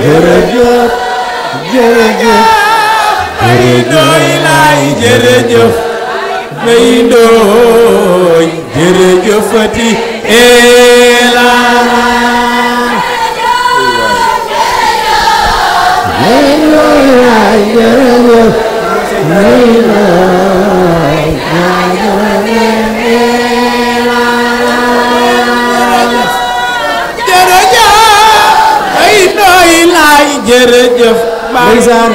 jërëjëf jërëjëf ay doy laay jërëjëf bay dooñ jërëjëfati ee laa hãy nói lại nhớ nhớ mấy lời ta cho nghe nghe la chờ đợi nhớ hãy nói lại nhớ nhớ bây giờ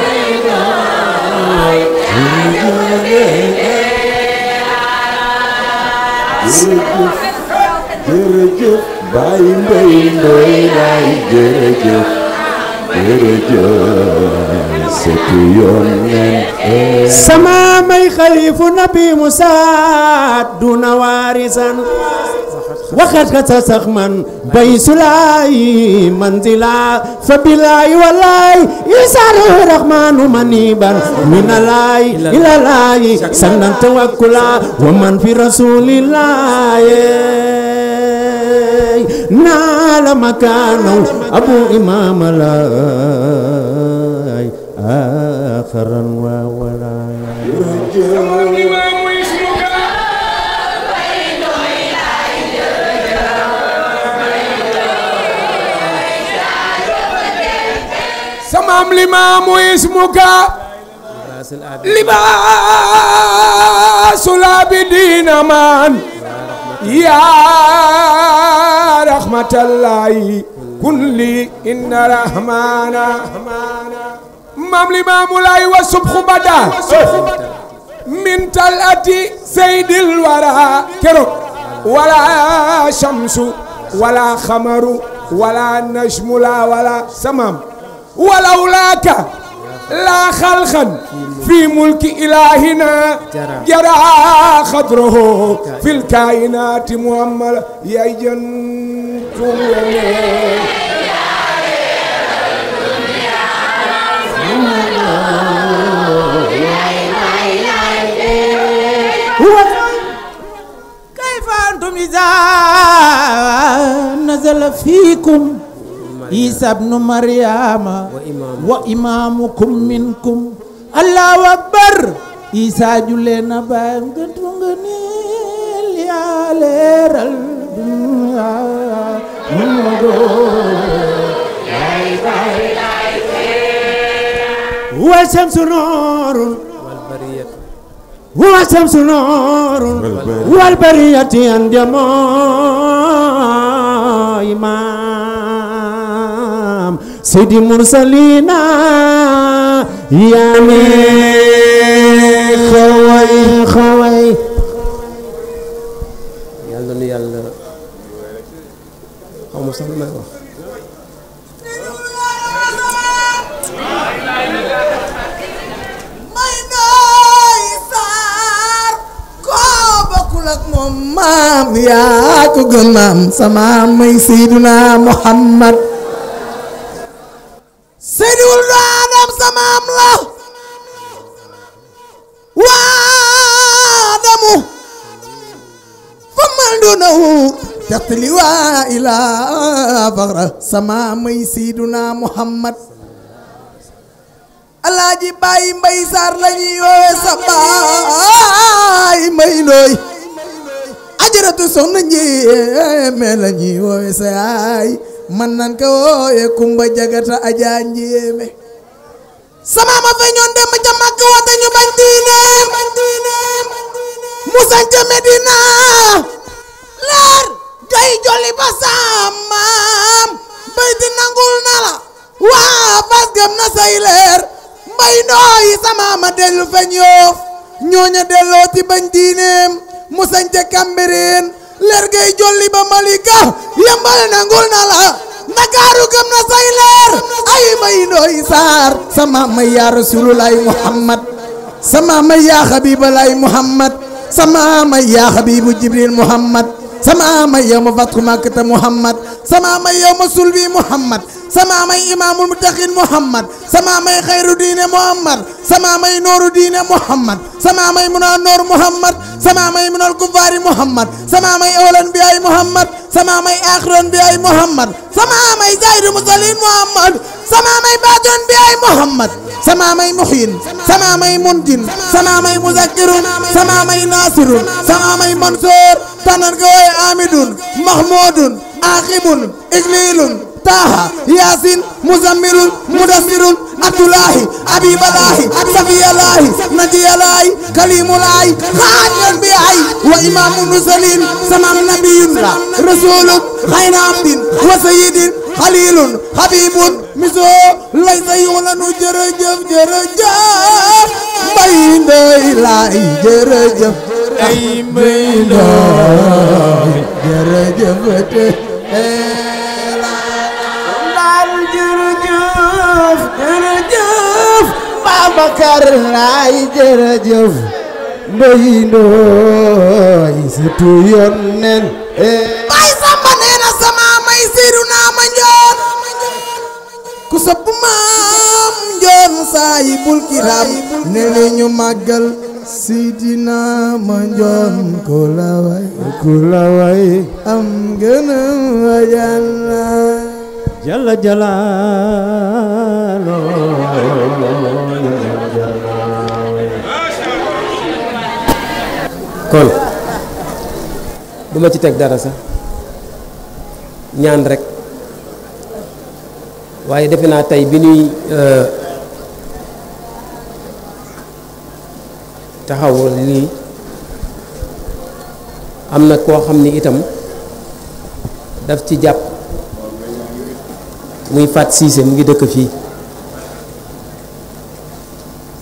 Gelecek, bayım bayım, bayım, bayım, gelecek. sama may xalifu nabi Musa duna warisan waxat ka sa sax man bay sulaay manzila fa bilaay walaay isaaru rahmanu maniban minalaay ilalaay sannan tawakkula wa man fi rasulillahi نال مكانه أبو إمام لا آخرا وولا يرجع سمام الإمام اسمك لباس العابدين مان يا رحمة الله كن لي إن رحمانا مملي الإمام مولاي وسبخ بدا من تلأتي سيد الورى كرو ولا شمس ولا خمر ولا نجم لا ولا سمام ولولاك لا خلقا في ملك إلهنا جرى خضره في الكائنات مؤمل يا جنتم كيف أنتم إذا نزل فيكم عيسى ابن مريم وإمامكم منكم الله أكبر عيسى جلنا بانغتونغني يا ليرال يا هو شمس نور هو شمس نور والبرية عند ما Sidi Mursalina ya xaway xaway yàlla nu yàlla xamu sax may wax maam yaa ko gën maam sa maam may Seydina Muhammad ya, تقتلي وإلى بغرة سما مي سيدنا محمد alaaji Baye Mbaye Sarr la ñuy woowee sa baay Mbaye looy ajaratu soxna Ndiémé la ñuy woowee sa yaay man nan ka woowee Kumba Jagata Aja Ndiémé sama ma feeñoon dem ca Makka wata ñu bañ diineem mu Medina leer day jolli ba saamaam mbay di nangul na la waa fas gëm na say leer mbay ndooyi samaama dellu feñ yoof ñooña delloo ci bañ diineem mu sañ ca kambireen leer gay jolli ba malika yëmbal nangul na la ndakaaru gëm na say leer ay mbay ndooyi saar samaama yaa rasululaahi muhammad samaama yaa yaa xabibu jibril muhammad sama may yow ma fatku makkata muhammad sama may yow ma sulbi muhammad sama may imaamul mutaqin muhammad sama may xayru diine muhammad sama may nooru diine muhammad sama may munal noor muhammad sama may munal kufaari muhammad sama may awlan bi ay muhammad sama may aaxiran bi ay muhammad sama may zaydu musalin muhammad سمامي باتون بأي محمد سمامي محين سمامي منجن سمامي مذكر سمامي ناصر سمامي منصور تنرقوي آمد محمود عاقب إجليل taaha yaasin muzammilun mudassirun abdullahi abibalahi safiyalahi najiyalahi kalimulahi xaajal bi ay wa imamu mursalin samam nabiyun la rasulun xayna amdin wa sayidin xalilun xabibun miso lay sa yuxlanu jërëjëf jërëjëf mbay ndoy laay jërëjëf ay mbay ndoy jërëjëf te Babacar laay jërëjëf ndoy ndoy sëtu yónneen baay Samba nee na sama may siiru naa ma ku sopp maam njoon saay bul kiram ne ne ñu màggal Sidina ma njoon ku la way ku la way am gënëm wa Yàlla jalla jalaalo kon duma ci teg dara sax ñaan rekk waaye defe naa tey bi ñuy euh, taxawal lii am na koo xam ni itam daf ci jàpp muy Fat Cissé mu ngi dëkk fii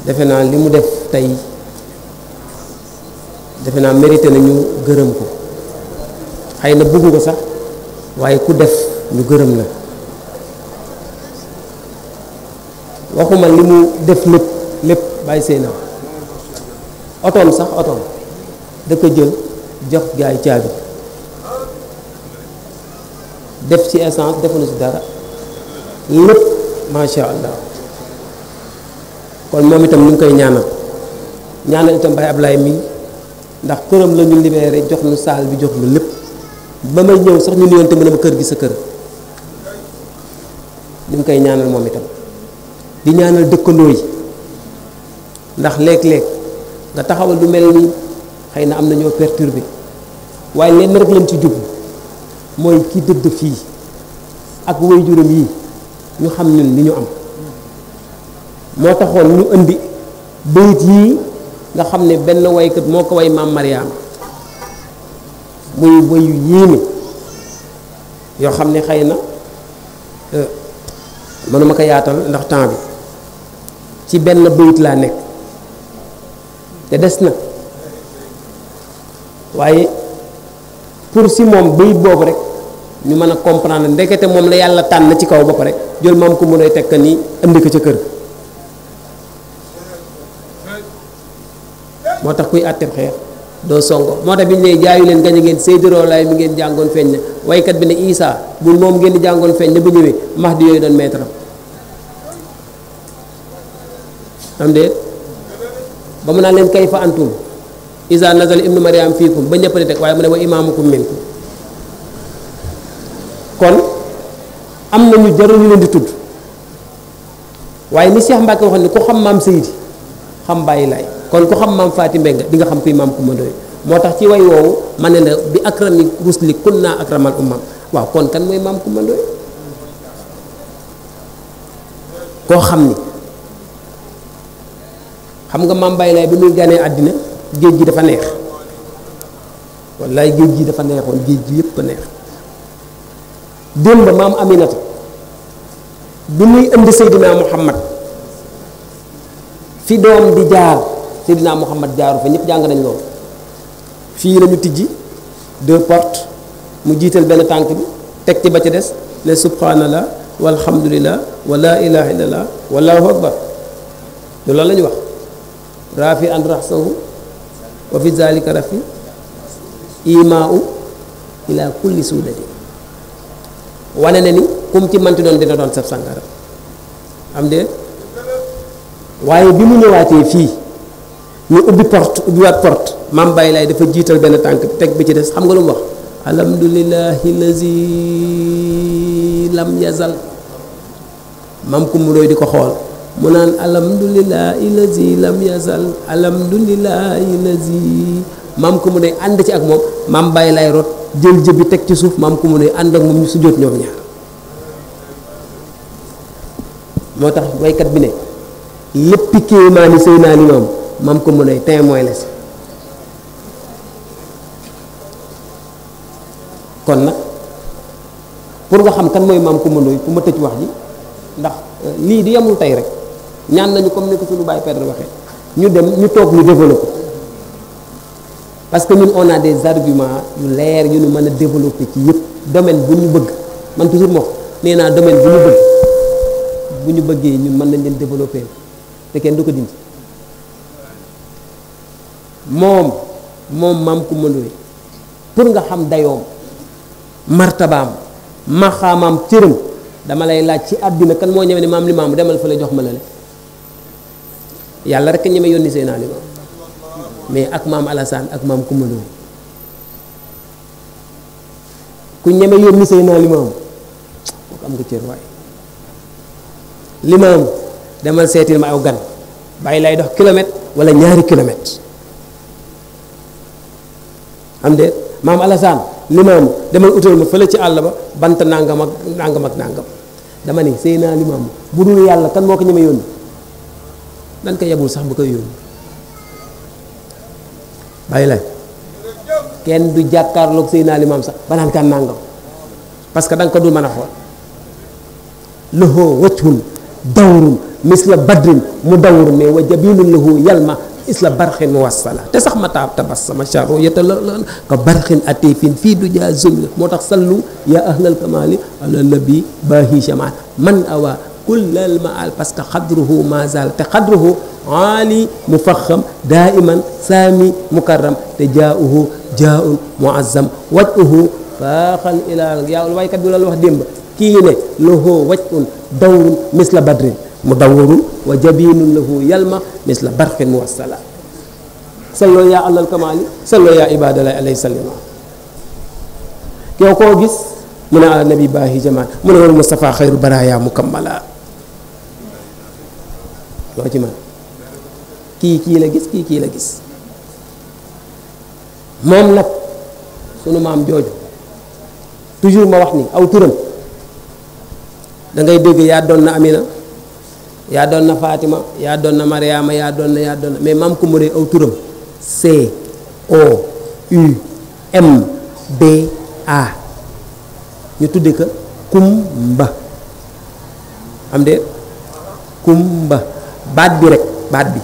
defe naa li mu def tey defe naa mérité na ñu gërëm ko xëy na bëgg nga sax waaye ku def ñu gërëm la waxuma li mu def lépp lépp bàyyi seen otoom sax otoom da jël jox gaay caabi def ci essence defu na ci dara lépp macha allah kon moom itam ñu ngi koy ñaanal ñaanal itam Baye Ablaye mi ndax këram la ñu libéré jox nu saal bi jox nu lépp ba may ñëw sax ñu nuyoon te mën a ma kër gi sa kër ñu ngi koy ñaanal moom itam di ñaanal dëkkandoo yi ndax léeg-léeg nga taxawal lu mel ni xëy na am na ñoo bi waaye lenn rek lañ ci jub mooy kii dëdd fii ak waajuram yi ñu xam ñun li ñu am moo taxoon ñu indi bayit yii nga xam ne benn waykat moo ko woy maam Mariama muy wayu yéeme yoo xam ne xëy na euh, mënuma ko yaatal ndax temps bi ci benn bayit laa nekk te des na waaye pour si moom bayit boobu rek ñu mën a comprendre ndekete moom la yàlla tànn ci kaw ba rek jël maam ko mu day tekk nii indi ko ca kër moo tax kuy àtteeb xeex doo songo moo tax bi ñu ne jaayu leen gañ a ngeen Seydou laay mi ngeen jàngoon feeñ na waykat bi ne Isa bul moom ngeen di jàngoon feeñ na bu ñëwee Mahdi yooyu doon maître am déet ba mu naan leen kay fa antum Isa nazal ibnu Mariam fiikum ba ñëpp di teg waaye mu ne wa imaamukum minkum kon am na ñu jarul leen di tudd waaye ni Cheikh Mbacke waxoon ne ku xam maam Seydi xam bàyyi laay. kon ku xam maam Faati Mbeng di nga xam kuy maam Kumba Ndoye moo tax ci way woowu ma ne la bi akrami rusli kun naa akramal umam waaw kon kan mooy maam Kumba Ndoye koo xam ni xam nga maam Baye Laay bi muy ganee àddina géej gi dafa neex wallaay géej gi dafa neexoon géej gi yëpp a neex démb maam Aminata bi muy indi Seydina Muhammad fi doom di jaar سيدنا محمد دارو في نيب جانغ نانيو في رمي تيجي دو بورت مو جيتال بن تانك بي تك تي باتي ديس لا سبحان الله والحمد لله ولا اله الا الله والله اكبر دو لا لاني واخ رافي ان رحسه وفي ذلك رفي ايماء الى كل سوده وانني كم تي مانتي دون دي دون سب سانغار ام دي واي بيمو نواتي في ñu ubbi port ubbiwaat porte maam Baye lay dafa jiital benn tànk teg bi ci des xam nga lu mu wax alhamdulillahi lazi lam yazal maam mu doy di ko xool mu naan alhamdulillahi lazi lam yazal alhamdulillahi lazi maam ku mu doy ànd ci ak moom maam Baye Laay jël jël bi teg ci suuf maam ku mu doy ànd ak moom sujjóot ñoom ñaar moo tax waykat bi ne léppi kéemaani Seydina Limaamu maam ko mën ay témoin la si kon nag pour nga xam kan mooy maam ko mëndoy ku ma tëj wax ji ndax euh, lii di yamul tey rek ñaan nañu comme ni ko suñu bàyyi Pedro waxee ñu dem ñu toog ñu développé parce que ñun on a des arguments yu leer yu ñu mën a développé ci yëpp domaine bu ñu bëgg man toujours moo ko nee naa domaine bu ñu bu ñu bëggee ñun mën nañ leen développé te kenn du ko dindi moom moom maam Kumba Ndoye pour nga xam dayoom martabaam maxaamaam cëram dama lay laaj ci àdduna kan moo ñeme ne maam li maamu demal fa la jox ma la le yàlla rek a ñeme yónni seen alimaam mais ak maam Alassane ak maam Kumba Ndoye ku ñeme yónni seen alimaam am nga cër waay limaam demal seetil ma aw gan bàyyi lay dox kilomètre wala ñaari kilomètre am mam maam limam demal utal ma fele ci àll ba bant nangam ak nangam ak nangam dama ni limam bu dul yàlla kan moo ko ñeme yoon dan ko yabul sax bu koy yoon bàyyi la du jàkkaarloog limam sax banaan kan nangam parce que da ko dul mën a xool lahu wajhun dawrun misla badrin mu dawrun mais wa lahu yalma isla barxin wasala te sax mata tabassama sharu yata la la ka barxin atifin fi du jazum motax sallu ya ahlal kamal ala nabi bahi shama man awa كل المعال باسكو قدره ما زال تقدره عالي مفخم دائما سامي مكرم تجاؤه جاء معظم وجهه فاخا الى يا الواي كدول الوح ديمب كي له وجه دور مثل بدر mudawwarun wa jabinun lahu yalma misla barqin muwassala sallo yaa alal kamaali sallo yaa ibadallah alay salima yow koo gis mu ne ala nabi baahi jamaan mu ne wal Mustafa xayru baraaya mukammala loo ci man kii kii la gis kii kii la gis moom nag sunu maam jooju toujours ma wax ni aw turam da dégg yaa doon na Amina yaa doon na Fatima yaa doon na Mariama yaa doon na yaa doon na mais maam Coumba Ndoye aw turam C O U M B A ñu tudde ko Coumba am de Coumba baat bi rek baat bi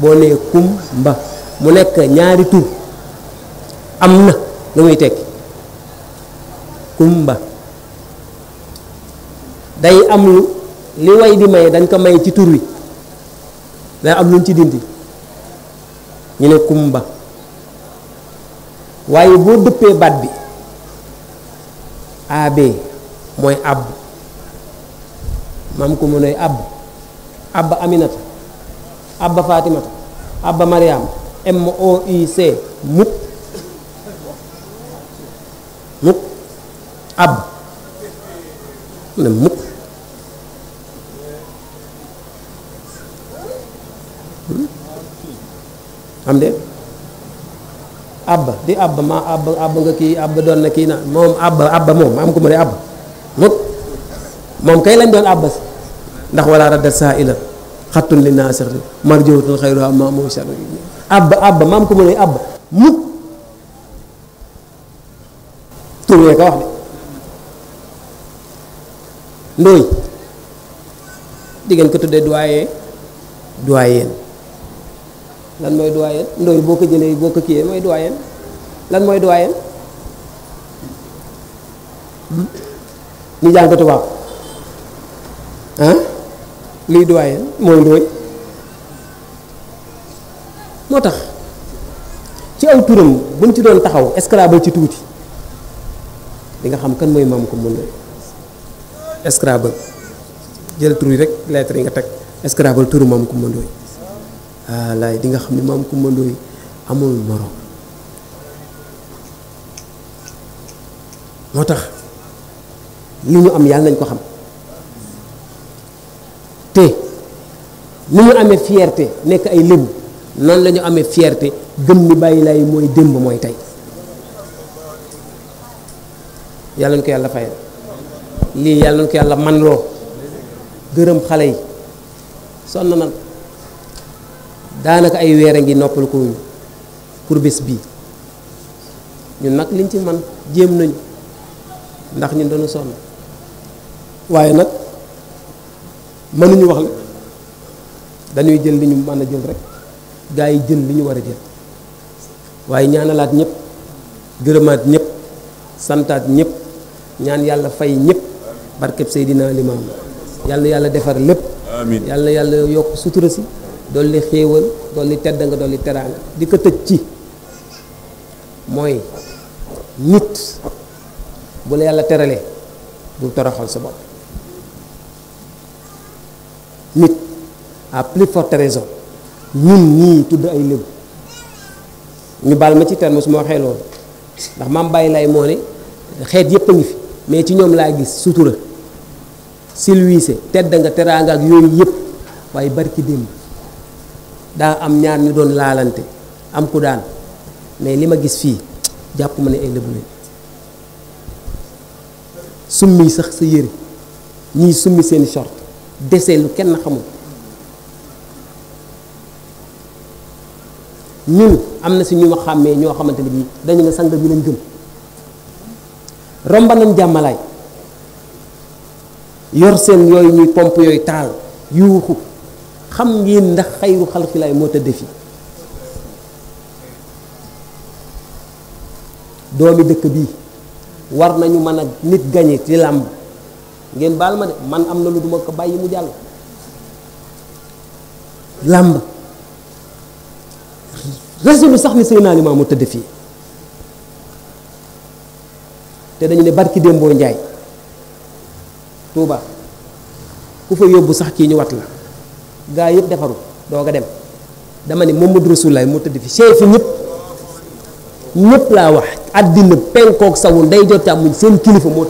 boo nee Coumba mu nekk ñaari tur am na lu muy tekki Coumba day am lu li way di may dañ ko may ci tur wi daa am luñ ci dindi ñu ne kumba waaye boo dëppee baat bi ab mooy àbb maam ko mu noy àbb abba aminata abba fatimata abba mariam m o u c mukk mukk àbb mu ne mukk Hmm? am de abba di abba ma abba abba nga ki abba don na ki na mom abba abba mom am ko mari de abba mom moom kay lañ don abba ndax wala radda sa'ila khatun li nasir marjuutul khayru ma mu abba abba mam ko mari de abba to ye ka wax de ndoy digen ko tudde doyen doyen lan mooy doyen ndoy boo ko jëlee boo ko kiyee mooy doyen lan mooy doyen ñu jàng tubaab ah luy doyen mooy ndooy moo tax ci aw turam buñ ci doon taxaw escrabal ci tuuti di nga xam kan mooy maam ko mun escrabal jël tur rek lettre yi nga teg escrabal turu maam ko mundooy laay di nga xam ne moom Coumba Ndoye amul morom moo tax li am yàlla nañ ko xam te ni ñu amee fierté nekk ay lébu noonu la ñu amee fierte gëm ni bàyyi laay mooy démb mooy tey yàlla nañ ko yàlla fay lii yàlla nañ ko yàlla man loo gërëm xale yi sonn nan danaka ay wéré ngi noppal ko wuñu pour bés bi ñun nak liñ ci man jëm nañ ndax ñun dañu waye nak mënu ñu wax la dañuy jël li ñu mën jël rek gaay jël li ñu jël waye ñaanalaat ñëpp gërëmaat ñëpp santaat ñëpp ñaan yalla fay ñëpp seydina limam yalla yalla defar lepp amin yalla yalla yok sutura si dolli xéewal dolli tedda nga dolli teraanga di ko tëj ci mooy nit bu la yàlla teralee toroxal sa nit à plus forte raison ñun ñii tudd ay ñu ma ci terme su pas ndax maam bàyyi lay moo ne xeet a fi mais ci ñoom laa gis sutura silwiise tedd nga teraanga ak barki daa am ñaar ñu doon laalante am ku daan mais li ma gis fii jàpp ma ne ay lëbu lañ summi sax sa yëre ñii summi seeni short dese lu kenn xamul ñun am na si ñu ma xàmmee ñoo xamante ne bii dañu ne sang bi lañ gëm romba jàmmalaay yor seen yooyu ñuy pompe yooyu taal yuuxu xam ngeen ndax xayru xalqilaay moo tëdd fi doomi dëkk bii war nañu mën a nit gañe ci làmb ngeen baal ma de man am na lu duma ko bàyyi mu jàll làmb rasulu sax ni Seydina Limaamu moo tëdd fii te dañu ne barki démboo njaay Tuuba ku fa yóbbu sax kii ñu wat la gaa yëpp defaru doo nga dem dama ne Mamadu Rasulullaay moo tëdd fi chef fi ñëpp ñëpp laa wax àddina penkook sawul nday jot càmmuñ seen kilifa moo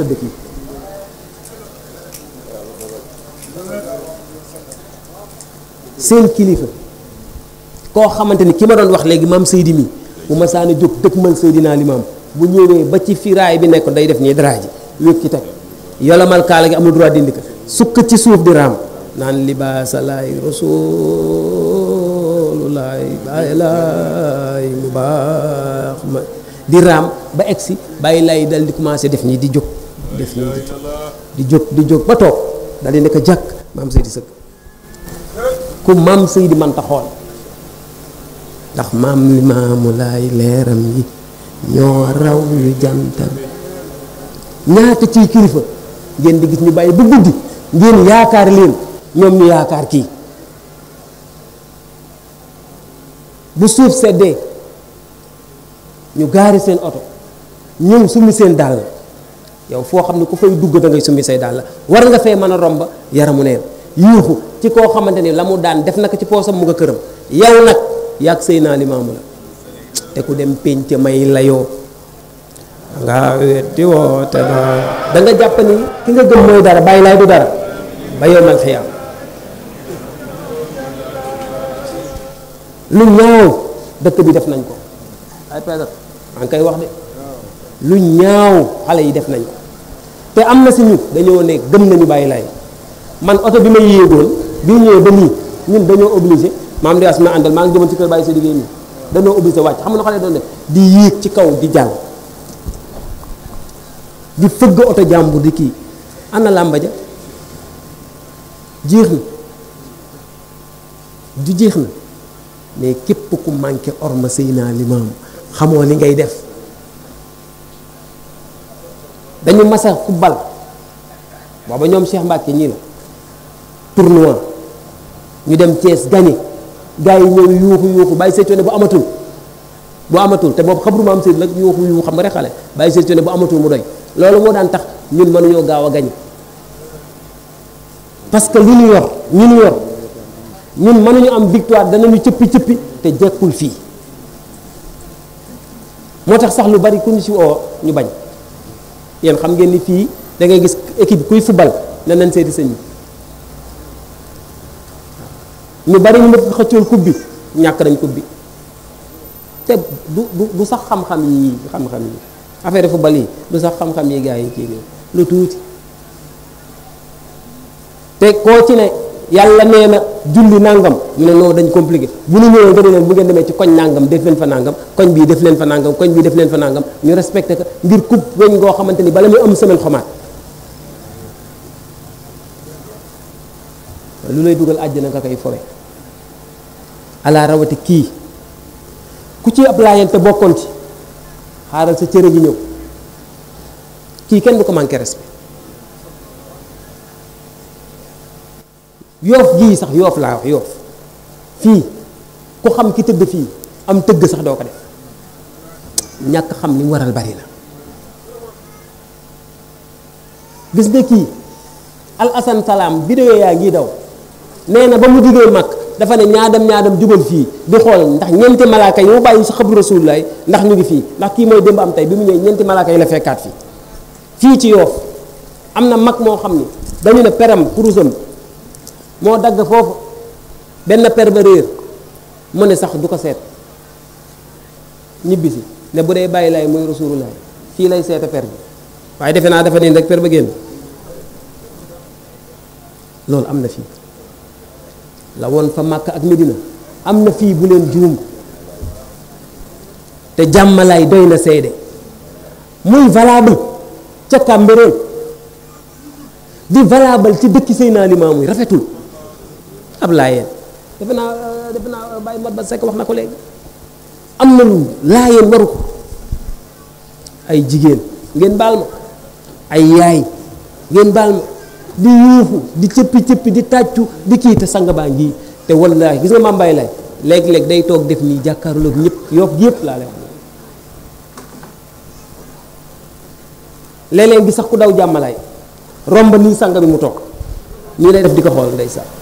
seen kilifa koo xamante ni ki ma doon wax léegi maam Seydi mi bu ma saana jóg dëkk man Seydina Limaam bu ñëwee ba ci firaay bi nekkoon day def nii daraa ji wékk ci teg yolamal kaala gi amul droit dindi ko sukk ci suuf di raam Nan libasa laay rasulullah bàyyi laay mubarak di ram ba exi bàyyi laay dal di commencer def ni di jog def ni di jog di jog ba tok dal di nek jak mam Seydi seuk ku mam Seydi manta xool ndax mam limam maamu laay yi ño raw yu jantam ñaata ci kilifa ngeen di gis ñu baye bu guddi ngeen yaakar leen ñom ñu ki kii bu suuf seddee ñu gaari seen oto ñoom summi seen dàll yow foo xam ne ku fay dugg da ngay summi say dàll war nga fee mën a romb yaramu neen yuuxu ci koo xamante ni la mu daan def na ci poosam mu nga këram yow nag yàgg sëy naa limaamu la te ku dem penc may layoo nga da nga jàpp ni ki nga gëm mooy dara bàyyi laay du dara ba yow xiyam lu ñaaw dëkk bi def nañ ko ay Pedro maa ngi koy wax de lu ñaaw xale yi def nañ ko te am na si ñu dañoo ne gëm nañu bàyyi laay man oto bi ma yéegoon bi ñëwee ba nii ñun dañoo obligé maam di as ma àndal maa ngi jëmoon ci kër bàyyi sa liggéey nii dañoo obligé wàcc xam nga xale di ci kaw di jàll di fëgg oto jàmbur di kii ana na làmbaja jeex na du jeex na mais képp ku manqué orma Seydina Limaam xamoo li ngay def dañu masa football booba ñoom Cheikh Mbacke ñii la tournoi ñu dem cees gagné gars yi ñëw yuuxu yuuxu bàyyi seet ne bu amatul bu amatul te boobu xabru maam Seydou nag yuuxu yuuxu xam nga rek xale bàyyi seet ne bu amatul mu loolu moo daan tax ñun mënuñoo gaaw a gagné parce que li ñu yor ñu ñu yor. ñun mënuñu am victoire danañu cëppi cëppi te jekkul fii moo tax sax lu bari ku ñu si oo ñu bañ yéen xam ngeen ni fii dangay gis équipe kuy football ne nañ seeti sëñ bi ñu bari ñu ma xëccool coupe bi ñàkk nañ coupe bi te du du sax xam-xam yi xam-xam yi affaire football yi du sax xam-xam yi gars yi kii lu tuuti te koo ci ne. yàlla nee na julli nangam ñu ne noonu dañ compliqué bu ñu ñëwee nga ne leen bu ngeen demee ci koñ nangam def leen fa nangam koñ bii def leen fa nangam koñ bii def leen fa nangam ñu respecté ko ngir coupe weñ ngoo xamante ni bala ñu am semaine xomaat lu lay dugal àjjana nga koy fowe ala rawati kii ku ci ab laayante bokkoon ci xaaral sa cëre gi ñëw kii kenn du ko manqué respect yoof gii sax yoof laa wax yoof fii ku xam ki tëdd fii am tëgg sax doo ko def ñàkk xam li mu waral bari la gis nga kii al asan salaam vidéo yaa ngi daw nee na ba mu jugee mag dafa ne ñaadam ñaadam jubal fii di xool ndax ñeenti malaaka yi mu bàyyi sa xabru rasulullaay ndax ñu ngi fii ndax kii mooy démb am tey bi mu ñëwee ñeenti malaaka yi la fekkaat fii fii ci yoof am na mag moo xam ni dañu ne peram kurusam moo dagg foofu benn pervereur mu ne sax du ko seet ñibbisi ne bu dee bàyyi laay mooy rasulullah fii lay seeta per bi waaye defe naa dafa nii rek per ba génn loolu am na fii la woon fa màkk ak medina am na fii bu leen juum te jàmmalaay doy na seede muy valable ca Cambérène di valable ci dëkki Seydina Limaamu rafetul ab laayeen defe naa euh, defe bàyyi mat ba sekk wax na ko léegi am na lu laayeen waru ko ay jigéen ngeen baal ma ay yaay ngeen baal ma di yuuxu di cëppi cëppi di tàccu di kii te sang baa ngi te wallaahi gis nga maam Baye Laye léeg-léeg day toog def nii jàkkaarloog ñëpp yóbbu yëpp laa lay wax léeg-léeg gi sax ku daw jàmmalaay romb nii sang bi mu toog nii lay def di ko xool ndeysaan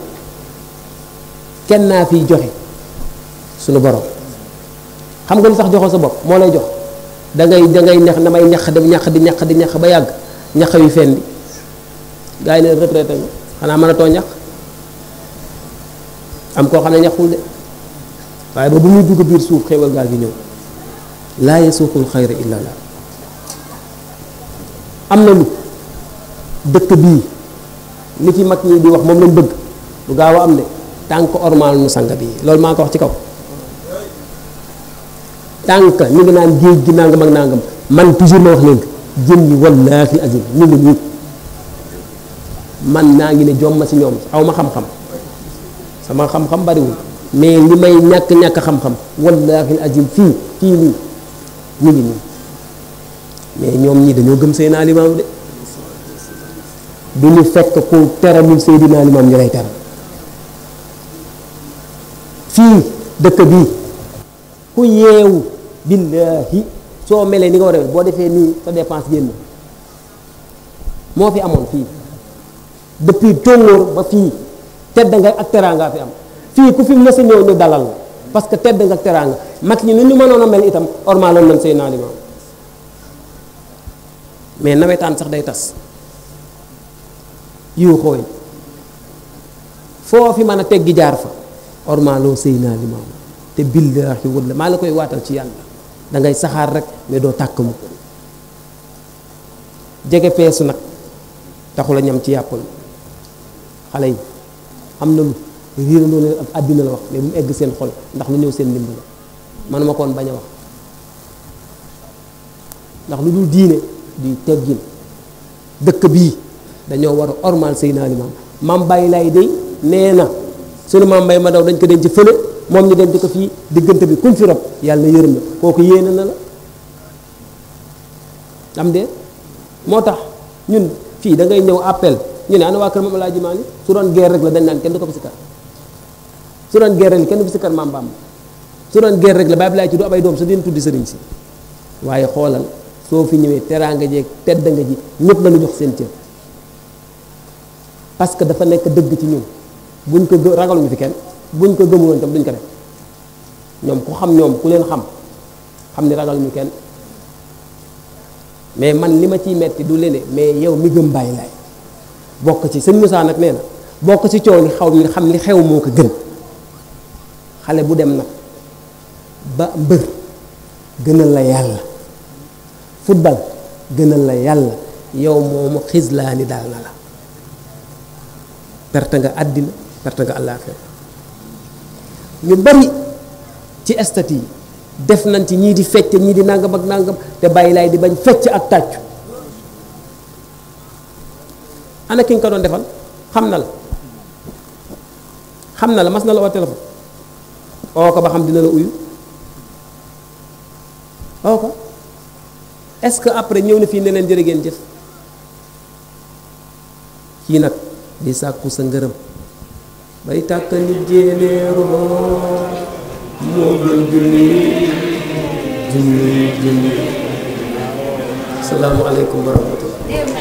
kenn naa fiy joxe sunu borom xam nga lu tax joxoo sa bopp moo lay jox da ngay da ngay neex damay ñax dem ñax di ñax di ñax ba yàgg ñax yu fenn di gars yi ne retraité nga xanaa mënatoo ñax am koo xam ne ñaxul de waaye ba bu muy dugg biir suuf xéewal gaa gi ñëw laa yasuqul xayra illa la am na lu dëkk bii ni ci mag ñi di wax moom lañ bëgg bu gaaw am de tànk ormal nu sang bi loolu maa ko wax ci kaw tànk ñu ngi naan géej gi nangam ak nangam man toujours ma wax leen jën yi wallaahi azim ñu ngi man naa ngi ne jomma si ñoom aw ma xam sama xam-xam mais li may ñàkk-ñàkk xam-xam wallaahi fii fii ñu ngi mais ñoom ñii dañoo gëm Seydina Limaamu de du ñu fekk ku teramul Seydina Limaam ñu lay teral fi dekk bi ku yeewu billahi soo melee ni nga war a boo defee nii sa dépense génn moo fi amoon fii depuis tóngoor ba fii tedd nga ak teranga fi am fii ku fi mësa ñëw ñu dalal parce que tedd nga ak teranga mat ñu ni ñu mënoon a mel itam hormal ormaaloon lan say naali maam mais nawetaan sax day tas yu xooy foo fi mën a teggi jaar fa ormaaloo sëy naa limaamu te billaahi walla maa la koy waatal ci yàlla dangay saxaar rek mais doo tàkk mu jege peesu nag taxula ñam ci yàppal xale yi am na lu riirandoo ne ab àddina la wax mais bu mu egg seen xol ndax lu ñëw seen ndimbal manuma koon bañ a wax ndax lu dul diine di teggin dëkk bii dañoo war a ormal sëy naa limaam maam bàyyi laay day nee na sunu maam mbay ma daw dañ ko denc fële moom ñu denc ko fii diggante bi kum fi rob yàlla yërëm la kooku yéene na la de moo tax ñun fii da ngay ñëw appel ñu ne ana waa kër Maam Alaaji Maalik su doon guerre rek la dañ naan kenn du ko fi sikkar su doon guerre rek kenn du fi sikkar maam Bàmba su doon guerre rek la Baay Laay ci du abay doom sa dina tuddi sëriñ si waaye xoolal soo fi ñëwee teraanga jeeg tedd nga ji ñëpp la ñu jox seen cër parce que dafa nekk dëgg ci ñun buñ ko gë ragaluñu fi kenn buñ ko gëmuloon tam duñ ko def ñoom ku xam ñoom ku leen xam xam ni ragaluñu kenn mais man li ma ciy metti du lene mais yow mi gëm bàyyi laay bokk ci sëñ Moussa nag nee bokk ci coow li xaw mi xam ni xew moo ko gën xale bu dem nag ba mbër gënal la yàlla football gënal la yàlla yow moomu xislaani dal na la perte nga àddina perte nga àllaaxira ñu bari ci stati yi def nañ ci ñii di fecc ñii di nangam ak nangam te bàyyi laay di bañ fecc ak tàccu ana ki nga ko doon defal xam na la xam na la mas na la oo téléphone oo ko ba xam dina la uyu oo ko est-ce que après ñëw na fii ne leen jërë ngeen jëf kii nag di sàkku sa ngërëm bay tàkk nit jéenéeru moom moo gën junni junni junni asalaamaaleykum wa rahmatullah